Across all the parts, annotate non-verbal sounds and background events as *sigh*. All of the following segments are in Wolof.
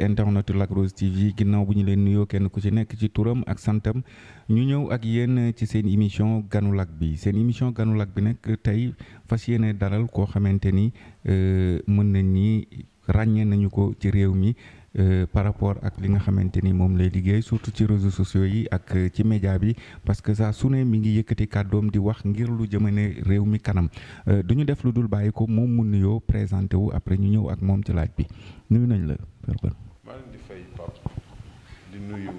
internet Lac Rose TV ginnaaw bu ñu leen nuyoo kenn ku ci nekk ci turam ak santam ñu ñëw ak yenn ci seen émission ganu Lac bi seen émission ganu Lac bi nag tey fas yéene dalal koo xamante ni euh, mën na nii ràññee nañu ko ci réew mi euh, par rapport ak li nga xamante ni moom lay liggéey surtout ci réseaux sociaux yi ak euh, ci média bi parce que sa su ne mi ngi yëkkati kàddoom di wax ngir lu jëmane réew mi kanam du ñu def lu dul bàyyi ko moom mu nuyoo présenté wu après ñu ñëw moom ci laaj bi nuyu nañ la. nuyu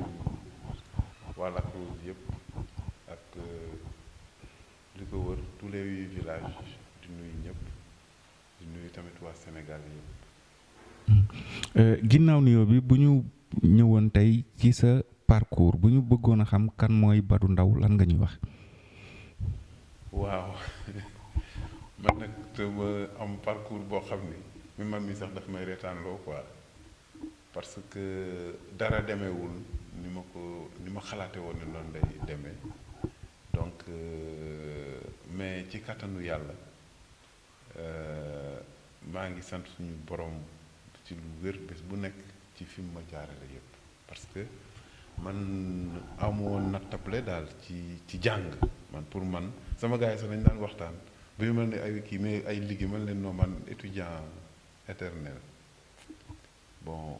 waa Lac Rose yëpp ak euh, li ko wër tous les huit di nuyu ñëpp di nuyu tamit waa Sénégal yëpp. Euh, ginnaaw nuyoo bi bu ñu ñëwoon tey ci sa parcours bu ñu bëggoon a xam kan mooy Badou ndaw lan nga ñuy wax. waaw *laughs* man nag te am parcours boo xam ni mi mi sax daf may reetaanloo quoi. parce que dara demeewul ni ma ko nima xalaté xalaate woon ne noonu lay demee donc euh, mais ci kattanu yàlla euh, maa ngi sant suñu borom ci lu wér bés bu nek ci fim ma jaarale yépp parce que man amoon nattable dal ci ci jang man pour man sama gaay yi sax nañ dan waxtaan bu mu melni ay kii mais ay liggéey man leen noo man étudiant éternel bon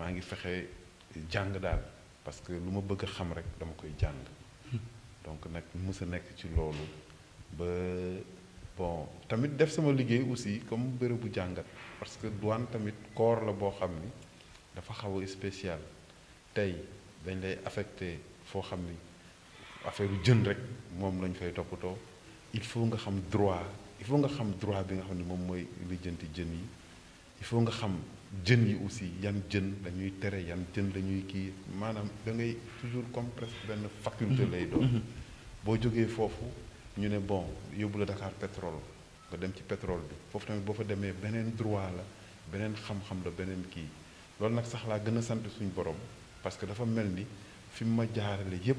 maa ngi fexe jàng daal parce que lu ma bëgg xam rek dama koy jàng donc nag mës a nekk ci loolu ba bon tamit def sama liggéey aussi comme bërëbu jàngat parce que douane tamit corps la boo xam ni dafa xaw a spécial tey dañ lay affecté foo xam ni affaire jën rek moom lañ fay toppatoo il faut nga xam droit il faut nga xam droit bi nga xam ne moom mooy lijjanti jën yi il faut nga xam jën yi aussi yan jën dañuy téré yan jën la ki manam da ngay toujours comme presque ben faculté mhm. lay do mhm. bo jógee fofu ñu né bon yobul la Dakar pétrole nga dem ci pétrole bi fofu tamit bo fa démé benen droit la benen xam-xam la benen ki lool nak sax la gëna a sant suñu borom parce que dafa melni ni fi ma jaarale yépp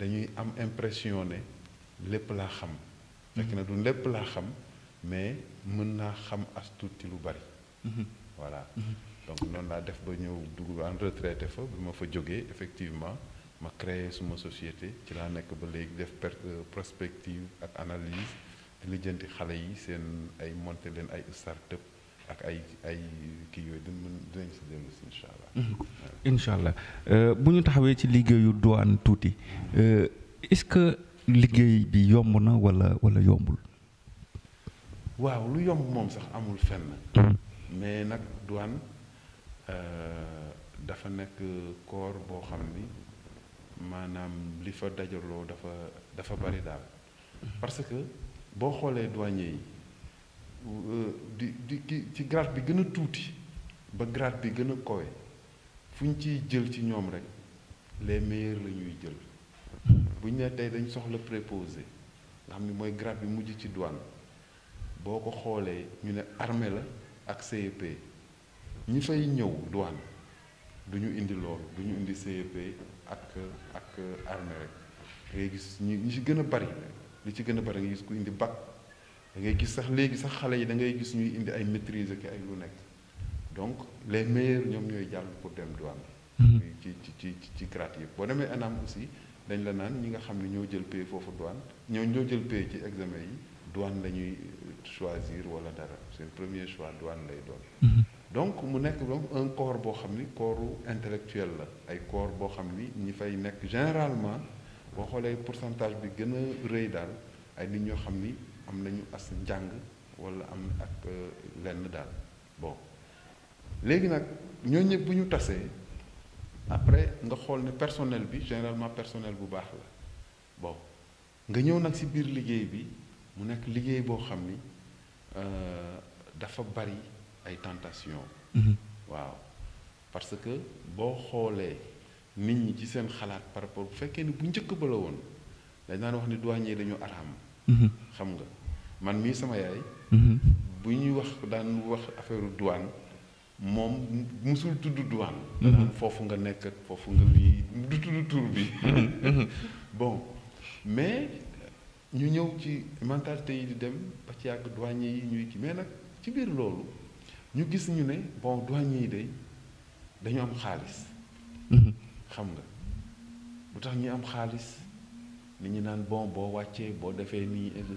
dañuy am impression ne lépp laa xam fekk na du lépp laa xam mais mën naa xam as tuuti lu bari mhm. voilà mhm. donc noonu laa def ba ñëw dugg en retraité fa bi ma fa jógee effectivement ma créé suma société ci laa nekk ba léegi def euh, prospective ak analyse di lijjanti xale yi seen ay monter leen ay start-up ak ay ay kii yooyu dinañ si dellu si incha allah. Mhm. incha euh, bu ñu taxawee ci liggéeyu douane tuuti euh, est-ce que liggéey bi yomb na walla walla yombul. waaw lu yomb moom sax amul fenn. Mhm. mais nag douane euh, dafa nekk corps boo xam ni maanaam li fa dajaloo dafa dafa bari daal. Mhm. parce que boo xoolee douanier yi. Euh, di di ki ci grade bi gën a tuuti ba grade bi gën a kowe fu ñu ciy jël ci ñoom rek les meilleurs la ñuy jël bu ñu ne tey dañ soxla préposé nga xam ni mooy grade bi mujj ci duwaan boo ko xoolee ñu ne armée la ak CEP ñi fay ñëw duwaan du ñu indi loolu du ñu indi CEP ak ak armée rek ngay gis ñi ñi ci gën a bari li ci gën a bari nga gis ku indi bac da ngay gis sax léegi sax xale yi da ngay gis ñuy indi ay maîtrise ak ay lu nekk donc les meilleurs ñoom ñooy jàll pour dem douane. Mhm. ci ci ci ci grade yëpp boo demee ANAM aussi dañ la naan ñi nga xam ne ñoo jël pay foofu douane ñoo ñoo jël pay ci examen yi douane lañuy euh, choisir wala dara seen premier choix douane lay doon. Mhm. donc mu nekk donc un corps boo xam ni corps intellectuel la ay corps boo xam ni ñi fay nekk généralement boo xoolee pourcentage bi gën a rëy daal ay nit ñoo xam ni am nañu as njàng wala am ak euh, lenn daal bon léegi nag ñoo ñëpp bu ñu tasee après nga xool ne personnel bi généralement personnel bu baax la bon nga ñëw nag ci biir liggéey bi mu nekk liggéey boo xam ni euh, dafa bari ay tentation mm-hmm. waaw parce que boo xoolee nit ñi ci seen xalaat par rapport bu fekkee ni bu njëkk ba la woon dañ daan wax ni douanier dañu araam mm-hmm. xam nga man mii sama yaay. Mhm. bu ñuy wax daan wax affaire douane moom mosul tudd douane. Mhm. foofu nga nekk foofu nga lii du tudd tur bi. Mhm. *laughs* bon mais ñu ñëw ci mentalité yi di dem ba ci yàgg douanier yi ñuy kii mais nag ci biir loolu ñu gis ñu ne bon douanier yi day dañu am xaalis. xam nga lu tax ñu am xaalis ni ñu naan bon boo wàccee boo defee nii et de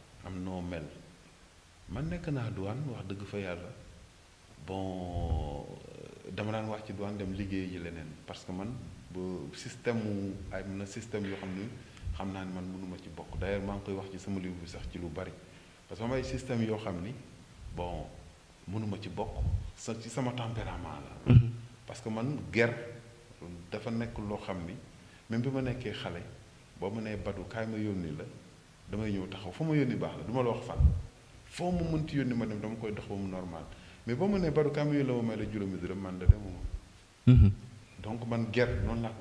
am noo mel man nekk naa douane wax dëgg fa yàlla bon euh, dama daan wax ci douane dem liggéey ji leneen parce que man ba système mu ay na système yoo xam ni xam naa ni man mënuma ci bokk d'ailleurs maa ngi koy wax ci sama livre bi sax ci lu bari parce que am yoo xam ni bon mënuma ci bokk sa ci sama tempérament mhm. que man ger dafa nekk loo xam ni même bi ma nekkee xale boo ma nee badu kaay ma yónni la damay ñëw taxaw foo ma yónni baax la du ma la wax fan foo ma mënti yónni ma dem dama koy dox ba mu normal mais ba mu ne ma may la juróomi man da demuma mm-hmm. donc man guerre na ma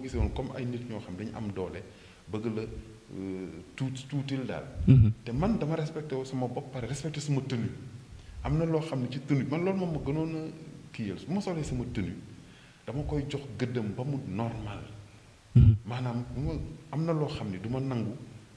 gisee comme ay nit ñoo xam dañu am doole bëgg la euh, tuuti tuutil daal mm-hmm. te man dama respecté wu sama bopp pare respecté sama am na loo xam ne ci tenue man loolu ma gënoon a kiyal ma solee sama tenue dama koy jox gëddam ba mu normal mm-hmm. maanaam bu am na loo xam ne du ma nangu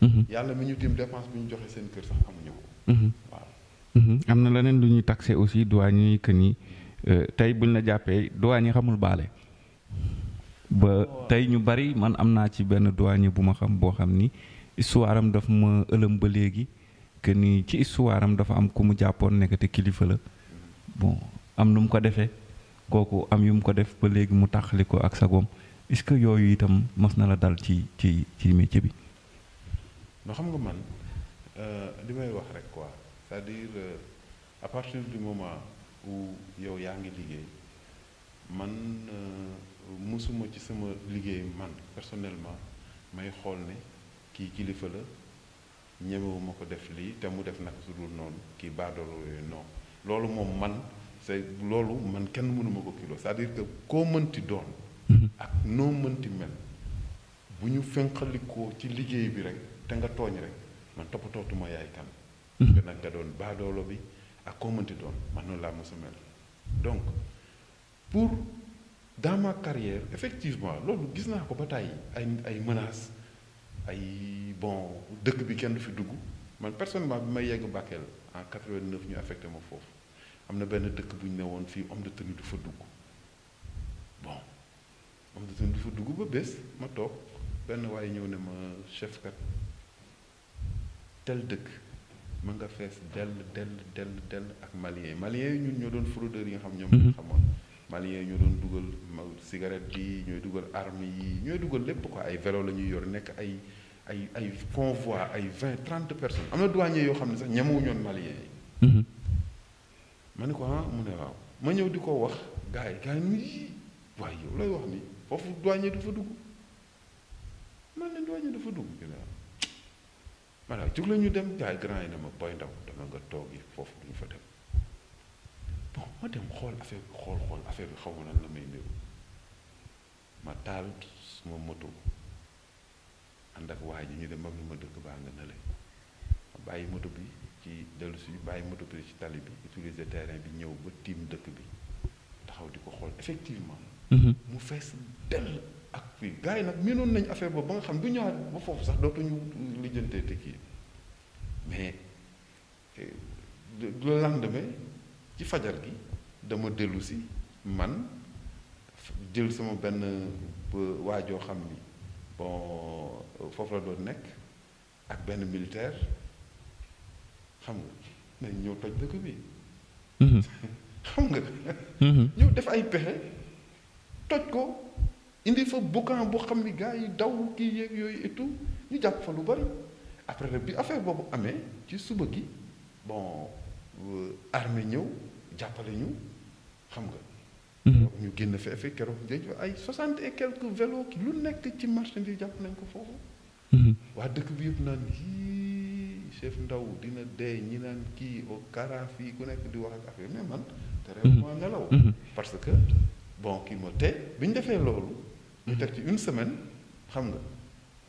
Mm-hmm. yàlla mi ñu bi ñu joxe seen kër sax amuñu mm-hmm. Mm-hmm. am na leneen lu ñuy taxé aussi douane yi que ni euh, tey buñ la jàppee douane yi xamul baale. ba tey ñu bari man am naa ci benn douanier bu ma xam boo xam ni histoire am daf ma ëlëm ba léegi que ni ci histoire dafa am ku mu jàppoon nekk te kilifa la bon am nu mu ko defee kooku am yu mu ko def ba léegi mu taxali ko ak sagoom est-ce que yooyu itam mos na la dal ci ci ci métier bi. noo xam nga man euh, li may wax rek quoi c'est-à-dire euh, à partir du moment où yow yaa ngi liggéey man euh, mësuma ci sama liggéey man personnellement may xool ne kii kilifa la ñemewuma ko def lii te mu def naka su dul noonu kii baadoolo yooyu non loolu moom man c'est loolu man kenn mënuma ko kilo c'est-à-dire que koo mënti doon mhm. ak noo mënti mel bu ñu fenqalikoo ci liggéey bi rek te nga tooñ rek man toppatootuma yaay kan nga hmm. nag nga doon baadoolo bi ak koo mënti doon man noonu laa mos a mel donc pour dans ma carrière effectivement loolu gis naa ko ba tàyyi ay ay menace ay bon dëkk bi kenn du fi dugg man personnellement bi may yegg Bakel en 89 ñu affecté ma foofu am na benn dëkk bu ñu ne woon fii homme de tenue du fa dugg bon homme de tenue du fa dugg ba bés ma toog benn waaye ñëw ne ma chef kat tel dëkk ma nga fees dell dell dell dell ak malien malien yi ñun ñoo doon fraudeur yi nga xam ñoom ñoo mhm. xamoon maliens ñoo doon dugal ma cigarette bi ñooy dugal arme yi ñooy dugal lépp quoi ay vélo la ñuy yor nekk ay ay ay convoi ay vingt trente personnes am na douanier yoo xam ne sax ñemewu ñoon malien yi mhm. ma ne ko ah mu ne waaw ma ñëw di ko wax gars yi gars yi nu yi waaye yow lay wax ni foofu douanier du fa dugg man ne douanier du fa dugg voilà jóg la ñu dem gars grand yi ne ma boy ndaw dama nga toog yi foofu duñu fa dem bon ma dem xool affaire bi xool xool affaire bi xaw ma la may niru ma taal suma moto ànd ak waa ji ñu dem ba mu ma dëkk baa nga nële ma bàyyi moto bi ci dellu si bàyyi moto bi ci tali bi utiliser terrain bi ñëw ba tiim dëkk bi taxaw di ko xool effectivement mhm. mu fees dell ak fii gars yi nag miinoon nañ affaire boobu ba nga xam du ñëwaat ba foofu sax dootuñu lijjantee te kii mais euh, le lendemain ci fajar gi dama dellu si man jël sama benn euh, waajoo xam ni bon euh, foofu la doon nekk ak benn militaire xam nga ñëw toj dëkk bi mhm. *laughs* xam nga mhm. ñëw def ay pexe toj ko indi fa boucan boo xam ni gars yi daw kii yeeg yooyu et tout ñu jàpp fa lu bari après nag bi affaire boobu amee ci suba gi bon euh, armée ñëw jàppale ñu xam nga. Mhm. ñu génn fa effet keroog njëriñ ay soixante et quelques vélos ki lu nekk ci marché bi jàpp nañ ko foofu. Mhm. waa dëkk bi yëpp naan yii chef ndaw dina dee ñi naan kii au oh, Karaaf yi ku nekk di wax ak affaire mais man. te réew moo mhm. nelaw. parce que bon kii moo tey bi defee loolu une semaine xam nga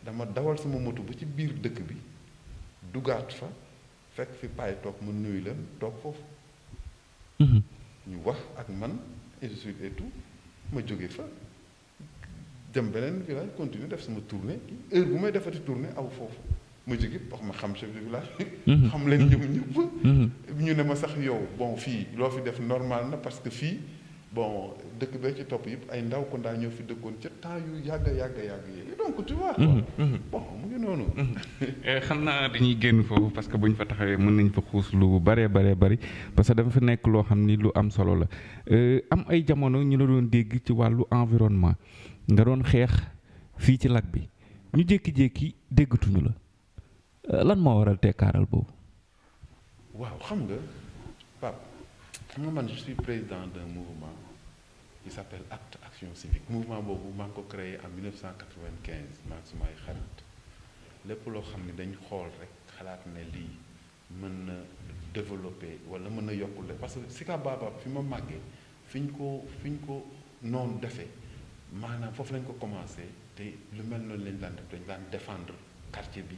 dama dawal sama moto ba ci biir dëkk bi dugaat fa fekk fi paay mhm. ñu wax ak et je et tout ma jóge fa dem beneen village continue def sama tournée heure bu may defati aw ma wax ma xam chef de village mhm. *laughs* xam leen mhm. ñu ne ma sax yow bon fii loo fi def normal na parce que bon dëkk bee ci topp yëpp ay ndaw ko ndaa ñoo fi dëkkoon ca temps yu yàgg yàgg yàgg yi donc tu vois. Mhm, mhm. bon mu ngi noonu. Mhm. Eh, xam naa dañuy génn foofu parce que bu ñu fa taxawee mën nañ fa xuus lu baree baree bari parce que dafa fa nekk loo xam ni lu am solo la euh, am ay jamono ñu la doon dégg ci wàllu environnement nga doon xeex fii ci lac bi ñu jékki-jékki déggatuñu la euh, lan moo waral tekkaaral boobu. xam man je suis président d'un mouvement qui s'appelle Acte Action Civique mouvement que maa ko créé en 1995 maa ngi Khalid. xarit lépp loo dañ xool rek xalaat ne lii mën na développer wala mën na parce que Sicap baba fi ma màggee fiñ ko fiñ ko noonu defee maanaam foofu lañ ko commencé te lu mel noonu lañ daan def dañ daan défendre quartier bi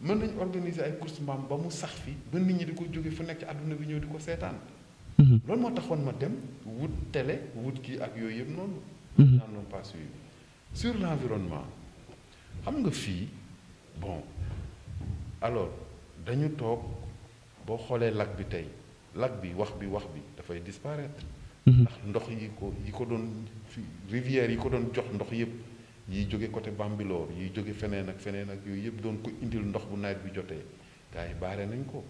mën nañ organiser ay course mbaam ba mu sax fi ba nit ñi di ko fu nekk bi télé pas sur l'environnement, environnement xam nga bon alors dañu toog boo xoolee lac bi lac bi disparaître. Mhm. ndox yi ko rivière yiy jóge côté Bambilor yiy jóge feneen ak feneen ak yooyu yëpp doon ko indil ndox bu nawet bi jotee gars yi baare nañ ko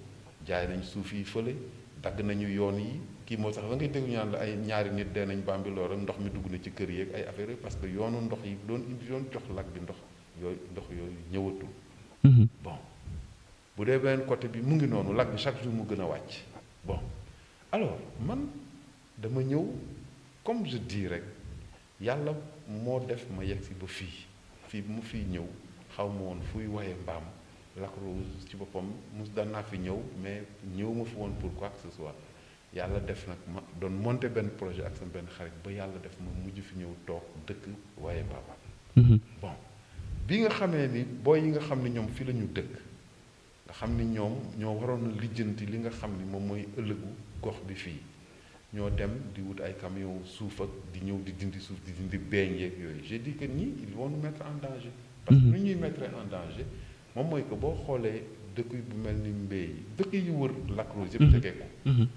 jaay nañ suuf yi fële dagg nañu yoon yi kii moo sax da ngay dégg ñaan la ay ñaari nit dee nañ Bambilor ak ndox mi dugg na ci kër yeeg ay affaire parce que yoonu ndox yi doon indi doon jox lak bi ndox yooyu ndox yooyu ñëwatul. Mhm. bon bu dee beneen côté bi mu ngi noonu lak bi chaque jour mu gën a wàcc bon alors man dama ñëw comme je dis rek moo def ma yegg si ba fii fii bu mu fi ñëw xaw ma woon fuy waye mbaam Lac Rose ci boppam mus daan naa fi ñëw mais ñëw ma fi woon pour quoi que ce soit yàlla def nag ma doon monter benn projet ak sama benn xarit ba yàlla def ma mujj fi ñëw toog dëkk waaye mbaam mhm. bon bi nga xamee ni booy yi nga xam ne ñoom fii la ñu dëkk nga xam ne ñoom ñoo waroon lijjanti li nga xam ne moom mooy ëllëgu gox bi fii ñoo dem di wut ay camion suuf ak di ñëw di dindi suuf di dindi beeñ yeeg yooyu j'ai dit que ñii ils vont nous mettre en danger parce que mhm. lu ñuy mettre en danger moom mooy que boo xoolee dëkk bu mel ni mbéy dëkk yi wër Lac Rose yëpp jege mhm. ko mhm.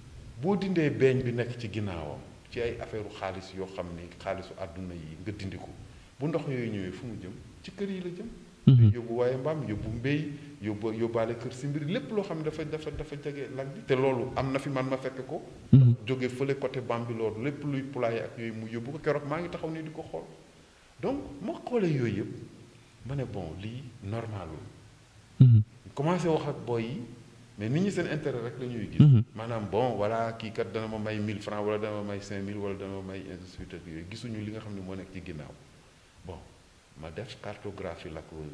boo dindee beñ bi nekk ci ginnaawam ci ay affaireu xaalis yoo xam ni xaalisu àdduna yi nga dindi ko bu ndox yooyu ñëwee fu mu jëm ci kër yi la jëm Mhm. yóbbu waaye mbaam yóbbu mbéy yóbbu yóbbaale kër si mbir lépp loo xam ne dafa dafa dafa jege lak bi te loolu am na fi man ma fekk ko mhm. jóge fële côté Bambilor lépp luy poulailler ak yooyu mu yóbbu ko keroog maa ngi taxaw nii di ko xool donc ma xoolee yooyu yëpp ma ne bon lii normalul mhm. commencé wax ak boy yi mais nit ñi seen intérêt rek la ñuy gis maanaam bon voilà kii kat dana ma may 1000 francs wala dana ma may 5000 wala dana ma may institut yooyu gisuñu li nga xam ne moo nekk ci ginnaaw bon ma def cartographie la cause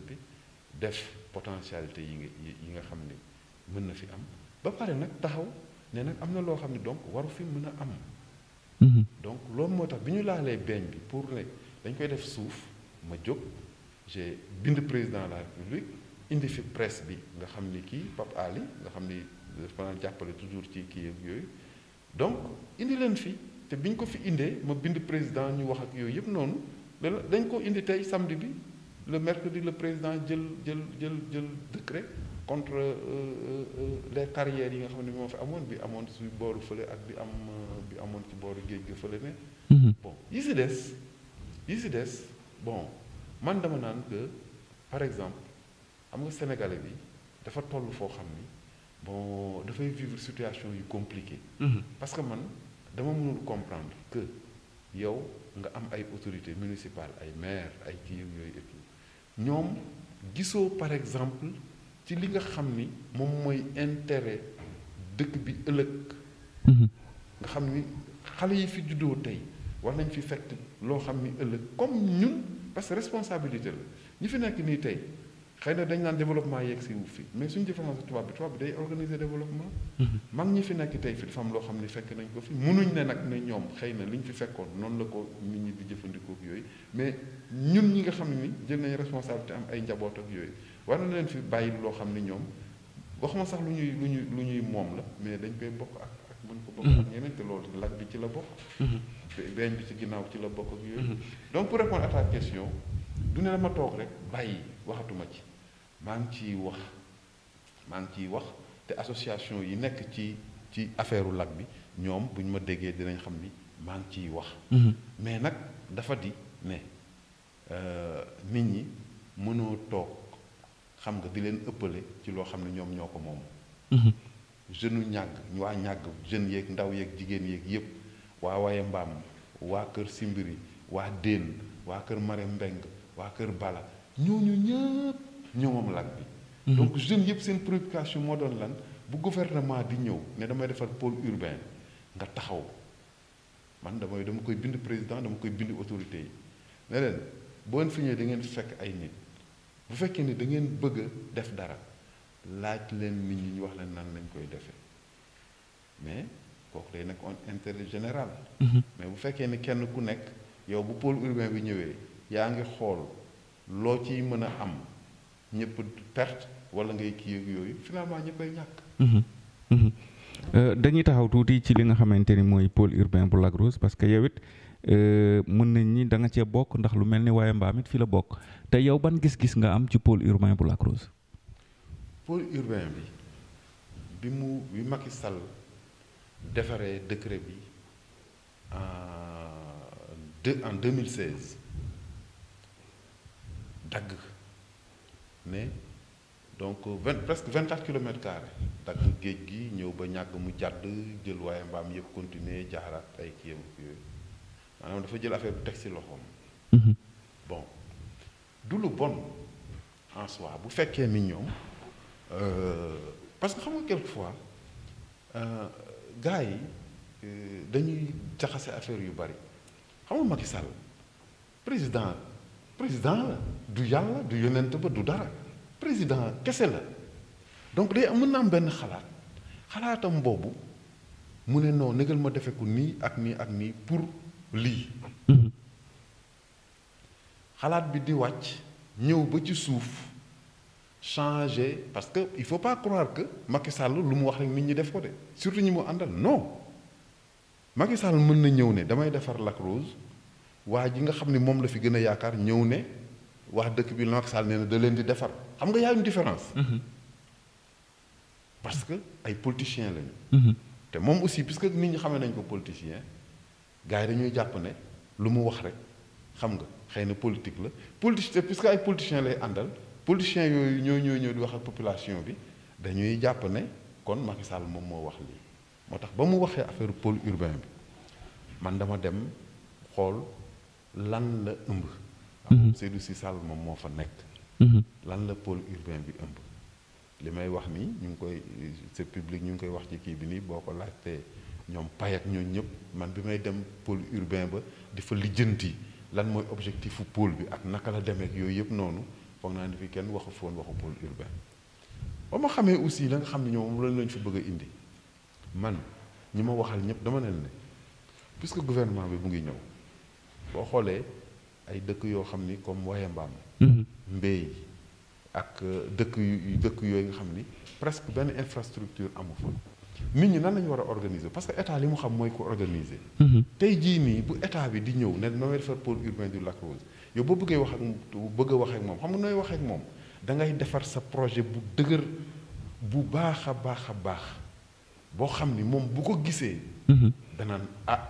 def potentialité yi nga yi nga na fi am ba pare taxaw am na donc waru fi mën a am. Mhm. donc bi pour ne dañ koy def suuf président de la république indi fi presse bi nga xam Ali nga toujours ci donc indi leen fi te biñ ko fi président dañ ko indi tey samedi bi le mercredi le président jël jël jël jël décret contre euh, euh, euh, les carrières yi nga xam ne moo fi amoon bi amoon ci booru fële ak bi am bi amoon ci booru géej ga fële ne mhm. bon yi si des yi si des bon man dama naan que par exemple xam nga sénégalais bi dafa toll foo xam ni bon dafay vivre situation yu compliquée mhm. parce que man dama mënul comprendre que yow nga am ay autorité municipale ay maire ay kii yooyu et tout ñoom gisoo par exemple ci li nga xam ni moom mooy intérêt dëkk bi ëllëg. Mhm. nga xam ni xale yi fi juddoo tey war nañ fi fekk loo xam ni ëllëg comme ñun parce que responsabilité la ñi fi nekk nii tey. xëy dañ naan développement yeeg si wu fi mais suñu différence ak tubaab bi tubaab bi day organiser développement. Mhm. mag ñi fi nekk tey fi dafa am loo xam ne fekk nañ ko fi munuñ ne nag ne ñoom xëy na li ñu fi fekkoon noonu la ko nit ñi di jëfandikoo yooyu mais ñun ñi nga xam ne jël nañ responsabilité am ay njaboot ak yooyu war na leen fi bàyyi loo xam ne ñoom wax waxuma sax lu ñuy lu ñuy lu ñuy moom la mais dañ koy bokk ak ak mën ko bokk ak mhm. ñeneen te loolu bi ci la bokk. Mhm. beeñ ci ginnaaw ci la bokk ak yooyu. donc pour répondre question du ne dama toog rek bàyyi waxatuma ci. maa ngi ciy wax maa ngi ciy wax te association yi nekk ci ci affaire u lac bi ñoom bu ñu ma déggee dinañ xam ni maa ngi ciy wax. Mhm. mais nag dafa di ne euh, nit ñi mënoo toog xam nga di leen ëppale ci loo xam ne ñoom ñoo ko moom. Mhm. jeunes ñàgg ñu waa ñàgg jeunes yeeg ndaw yeeg jigéen yeeg yëpp waa waye mbaam waa kër Simbiri waa Dén waa kër Mare Mbeng waa kër Bala ñooñu ñëpp. ñoo moom làkk bi. Mhm. donc jeunes yëpp seen préoccupation moo doon lan bu gouvernement di ñëw ne damay defar pôle urbain nga taxaw man damay dama koy bind président dama koy bind autorité yi ne leen boo leen fi ñëwee da ngeen fekk ay nit bu fekkee ni da ngeen bëgg def dara laaj leen nit ñi ñu wax leen nan lañ koy defee mais kooku day nekk on intérêt général. Mhm. mais bu fekkee ni kenn ku nekk yow bu pôle urbain bi ñëwee yaa ngi xool loo ci mën a am. ñëpp perte wala ngay kii ak yooyu finalement ñëppay ñàkk. Mhm. Mhm. Euh, dañuy taxaw tuuti ci li nga xamante ni mooy pôle urbain bu Lac Rose parce que yow it euh, mën nañ ni da nga cee bokk ndax lu mel ni waaye fi la bokk te yow ban gis-gis nga am ci pôle urbain bu Lac Rose. pôle urbain bi bi mu bi Macky Sall defaree décret bi en 2016 dagg. mais donc 20, presque 24 km carré dagg géej gi ñëw ba ñag mu jadd jël waaye mbaam yëpp continuer jaaraat ay kii ak manam dafa jël affaire bu teg si loxoom. Mhm. bon du lu bon en soi bu fekkee ni ñoom euh, parce que xam nga euh, gars yi euh, dañuy jaxase affaire yu bari xam nga Macky Sall président président la du yàlla du yonent ba du dara président kese la donc day mën na am benn xalaat xalaatam boobu mu ne non nëgal ma defe ko ak ni ak ni pour li. Mhm. xalaat bi di wàcc ñëw ba ci suuf changer parce que il faut pas croire que Macky Sall lu mu wax rek nit ñi def ko dé surtout ñi mu andal non Macky Sall mën na ñëw né damay defar Lac Rose waa ji nga xam ni moom la fi gën a yaakaar ñëw ne wax dëkk bi la Macky Sall nee na da leen di defar xam nga y différence mhm. parce que ay politiciens lañu mhm. te moom aussi puisque nit ñi xamee nañ ko politicien gars yi dañuy jàpp ne lu mu wax rek xam nga xëy na politique la politique puisque ay politiciens lay àndal politiciens yooyu ñoo ñoo ñëw di wax ak population bi dañuy jàpp ne kon Macky Sall moom moo wax lii moo tax ba mu waxee affaire pôle urbain bi man dama dem xool lan le ëmb. Mhm. Seydou Sissal moom moo fa nekk. Mhm. lan la pôle urbain bi ëmb. li wax nous ñu koy c'est public ñu ngi koy wax ci kii bi nii boo ko laajtee pay ak ñoom ñëpp man dem pôle urbain ba di fa lijjanti lan objectif pôle bi ak naka la demee ak yooyu yëpp noonu pôle urbain. ba ma xamee aussi la nga ne ñoom lañ fi bëgg indi man ñi waxal dama gouvernement bi boo xoolee ay dëkk yoo xam ni comme Wayembaam. Mbéy mhm. ak euh, dëkk yu dëkk yooyu nga xam ni presque benn infrastructure amu fa nit ñi nan lañu war a organiser parce que état li mu xam mooy ko organiser. Mhm. tey jii nii bu état bi di ñëw ne nooy defar pôle urbain du Lac Rose yow boo bëggee wax ak bëgg a wax ak moom xam nga nooy wax ak moom da ngay defar sa projet bu dëgër bu baax a baax a baax boo xam ni moom bu ko gisee. Mhm. danaan ah.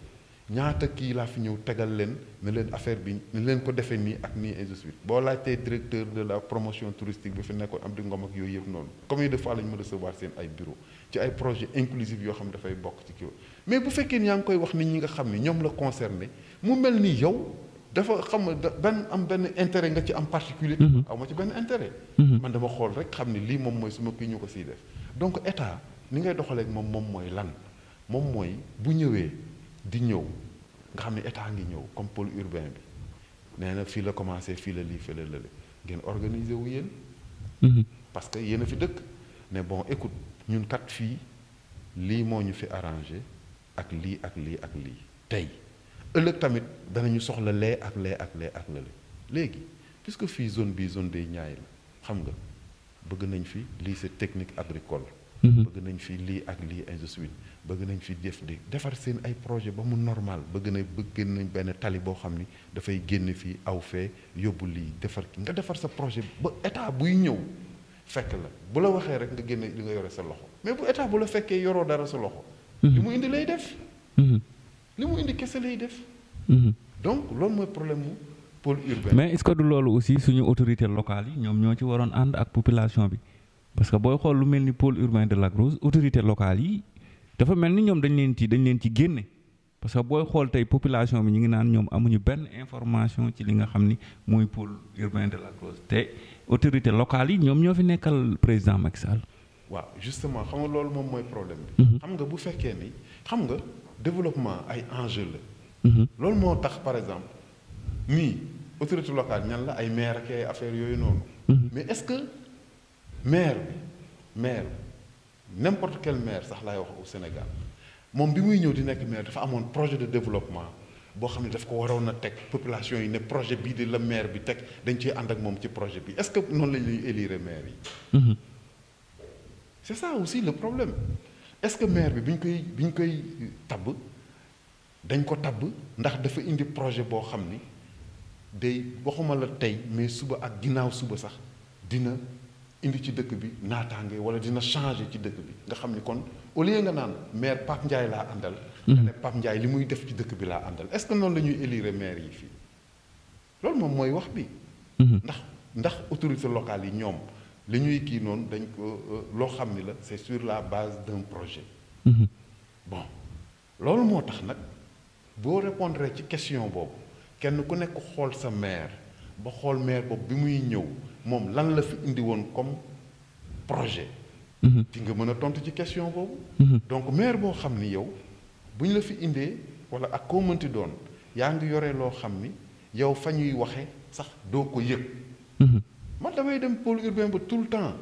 ñaata kii laa fi ñëw tegal leen ne leen affaire bi ne leen ko defee nii ak nii ainsi de suite boo laajtee directeur de la promotion touristique bi fi nekkoon am di ngom ak yooyu yëpp noonu comme de fois la ñu ma recevoir seen ay bureau ci ay projet inclusif yoo xam ne dafay bokk ci kii mais bu fekkee ni yaa ngi koy wax nit ñi nga xam ne ñoom la concerné mu mel ni yow dafa xam ben am benn intérêt nga ci am particulier mhm. aw ma ci benn intérêt mhm. man dama xool rek xam ne lii moom mooy su kii ñu ko siy def donc état ni ngay doxaleeg moom moom mooy lan moom mooy bu ñëwee di ñëw nga xam ne état ngi ñëw comme pôle urbain bi nee na fii la commencé fii la lii fii la lële ngeen organiser wu yéen. Mhm. parce que yéen a fi dëkk. ne bon écoute ñun kat fii lii moo ñu fi arrangé ak lii ak lii ak lii tey ëllëg tamit danañu soxla lee ak lee ak lee ak lële léegi puisque fii zone bii zone des Niayes la xam nga bëgg nañ fi lycée technique agricole. Mhm. bëgg nañ fi lii ak lii ainsi de bëgg nañ fi def di defar seen ay projet ba mu normal bëgg na bëgg nañ benn tali boo xam ni dafay génn fii aw fee yóbbu lii defar ki nga defar sa projet ba état buy ñëw fekk la bu la waxee rek nga génn li nga yore sa loxo mais bu état bu la fekkee yoroo dara sa loxo mhm. li mu indi lay def mhm. li mu indi kese lay def donc loolu mooy problème mu pôle urbain mais est-ce que du loolu aussi suñu autorité locale yi ñoom ñoo ci waroon ànd ak population bi parce que boy xol lu melni pôle urbain de la grosse autorité locale yi dafa melni ñom dañ leen ci dañ leen ci génne parce que boy xol tay population bi ñi ngi naan ñom amuñu ben information ci li nga xamni moy pôle urbain de la grosse té autorité locale yi ñom ñoo fi nekkal président Macky Sall. Wa, justement xam nga loolu moom mooy problème bi. Mhm. xam nga bu fekkee ni xam nga développement ay enjeu la. Mhm. loolu moo tax par exemple ni autorité locale ñan la ay maire ak ay affaires yooyu noonu. Mhm. mais est-ce que maire bi maire n'importe quel maire sax lay wax au Sénégal moom bi muy ñëw di nekk maire dafa amoon projet de développement boo xam ne daf ko waroon a teg population yi ne projet bii de la maire bi teg dañ ciy ànd ak moom ci projet bi est-ce que noonu lañ lay élire maire yi. Mm-hmm. c'est ça aussi le problème est-ce que maire bi biñ koy biñ koy tabb dañ ko tabb ndax dafa indi projet boo xam ni day waxuma la tey mais suba ak ginnaaw suba sax dina indi ci dëkk bi naataange wala dina changer ci dëkk bi nga kon au lieu nga naan maire mhm. ne li muy def ci est-ce que non? la ñuy élire maire yi fii loolu moom mooy wax bi. Mhm. ndax ndax autorités locales yi dañ c'est sur la base d'un projet. Mhm. bon l'homme moo tax nag boo répondre ci question boobu kenn ku nekk sa maire ba xool maire boobu bi muy ñëw moom lan la fi indi woon comme projet. Mhm. di nga mën a tontu ci question boobu. Mhm. donc maire boo xam ni yow buñ la fi indee wala ak koo mënti doon yaa ngi yore loo xam ni yow fa ñuy waxe sax doo ko yëg. Mhm. man damay dem pôle urbain ba tout le temps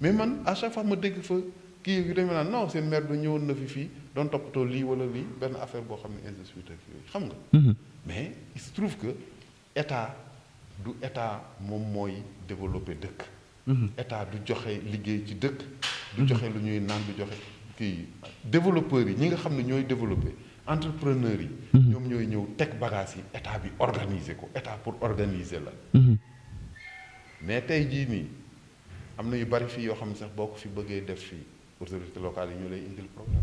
mais man à chaque fois ma dégg fa kii yu demee naan non seen maire du ñëwoon na fi fii doon toppatoo lii wala lii benn affaire boo xam ne institut xam nga. mais il se trouve que état. du état moom mooy développer dëkk. Mhm. état du joxe liggéey ci dëkk. du mhm. joxe lu ñuy naan du joxe kii développeurs yi ñi nga xam ne ñooy développer entrepreneurs yi. Mhm. ñoom ñooy ñëw teg bagages yi état bi organiser ko état pour organiser la. mais tey jii nii am na yu bari fii yoo xam ne sax boo ko fi bëggee def fii autorités locale yi ñu lay indil problème.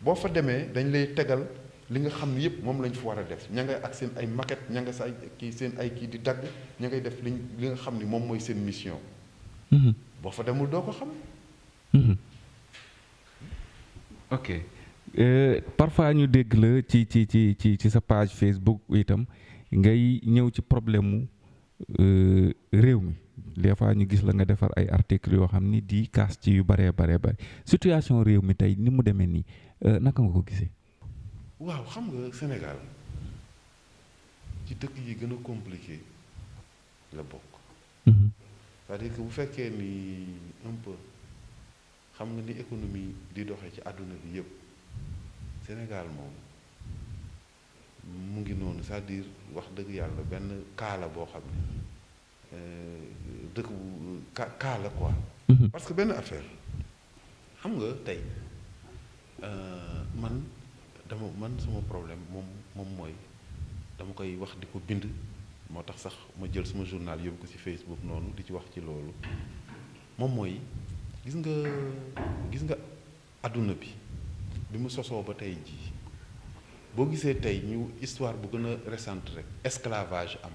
boo fa demee dañ lay tegal li nga xam ne yëpp moom lañ fi war a def ña nga ak seen ay maquette ña nga sa ay kii seen ay kii di dagg ña ngay def liñ li nga xam ni moom mooy seen mission. Mm-hmm. boo fa demul doo ko xam. Mm-hmm. ok euh, parfois ñu dégg la ci ci ci ci ci sa page Facebook itam ngay ñëw ci problème mu euh, réew mi. des fois ñu gis la nga defar ay articles yoo xam ni di kaas ci yu baree baree bare situation réew mi tey ni mu demee nii euh, naka nga ko gisee. waaw xam nga Sénégal ci dëkk yi gën a compliqué la bokk. Mhm. cest à bu fekkee ni un peu xam nga ni économie di doxe ci àdduna bi yépp Sénégal moom mu ngi noonu cest à wax dëgg yàlla benn kaala boo xam ne. Euh, dëkk bu euh, kaa kaala quoi. Mhm. parce que benn affaire xam nga tey euh, man dama man suma problème moom moom mooy dama koy wax di ko bind moo tax sax ma jël suma journal yóbbu ko ci Facebook noonu di ci wax ci loolu moom mooy gis nga gis nga àdduna bi bi mu sosoo ba tey jii boo gisee tey ñu histoire bu gën a récente rek esclavage am.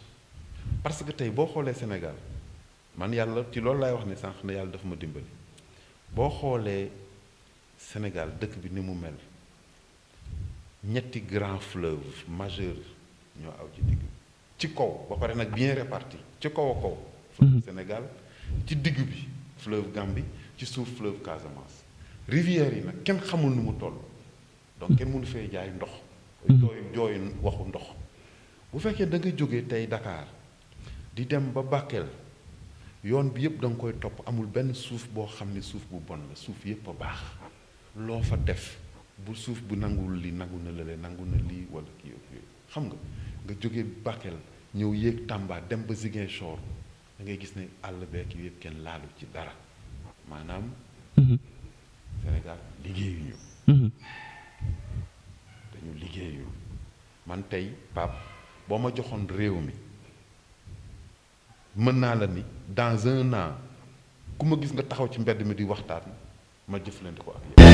parce que tey boo xoolee Sénégal man yàlla ci loolu laay wax ne sànq ne yàlla dafa ma dimbali boo xoolee Sénégal dëkk bi ni mu mel ñetti grand fleuve majeur ñoo aw ci digg ci kaw ba pare nag bien réparti ci kaw a kaw fleuve mhm. Sénégal ci digg bi fleuve Gambie ci suuf fleuve Casamance rivière yi nag kenn xamul nu mu toll donc kenn mënu fee jaay ndox mhm. jooy jooy waxu ndox bu fekkee da jóge tey dakaar di dem ba Bakel yoon bi yëpp danga koy topp amul benn suuf boo xam ne suuf bu bon la suuf yëpp a baax loo fa def bu suuf bu nangul li nangu na lële nangu na lii wala kii xam nga nga jóge Bakel ñëw yéeg Tamba dem ba Ziguinchor da ngay gis ne àll beek yëpp kenn laalu ci dara maanaam. Mhm. Sénégal liggéeyuñu. Mhm. dañu liggéeyu man tey Pape boo ma joxoon réew mi. mën naa la ni dans un an ku ma gis nga taxaw ci mbedd mi di waxtaan ma jëf jëflante ko ak yéen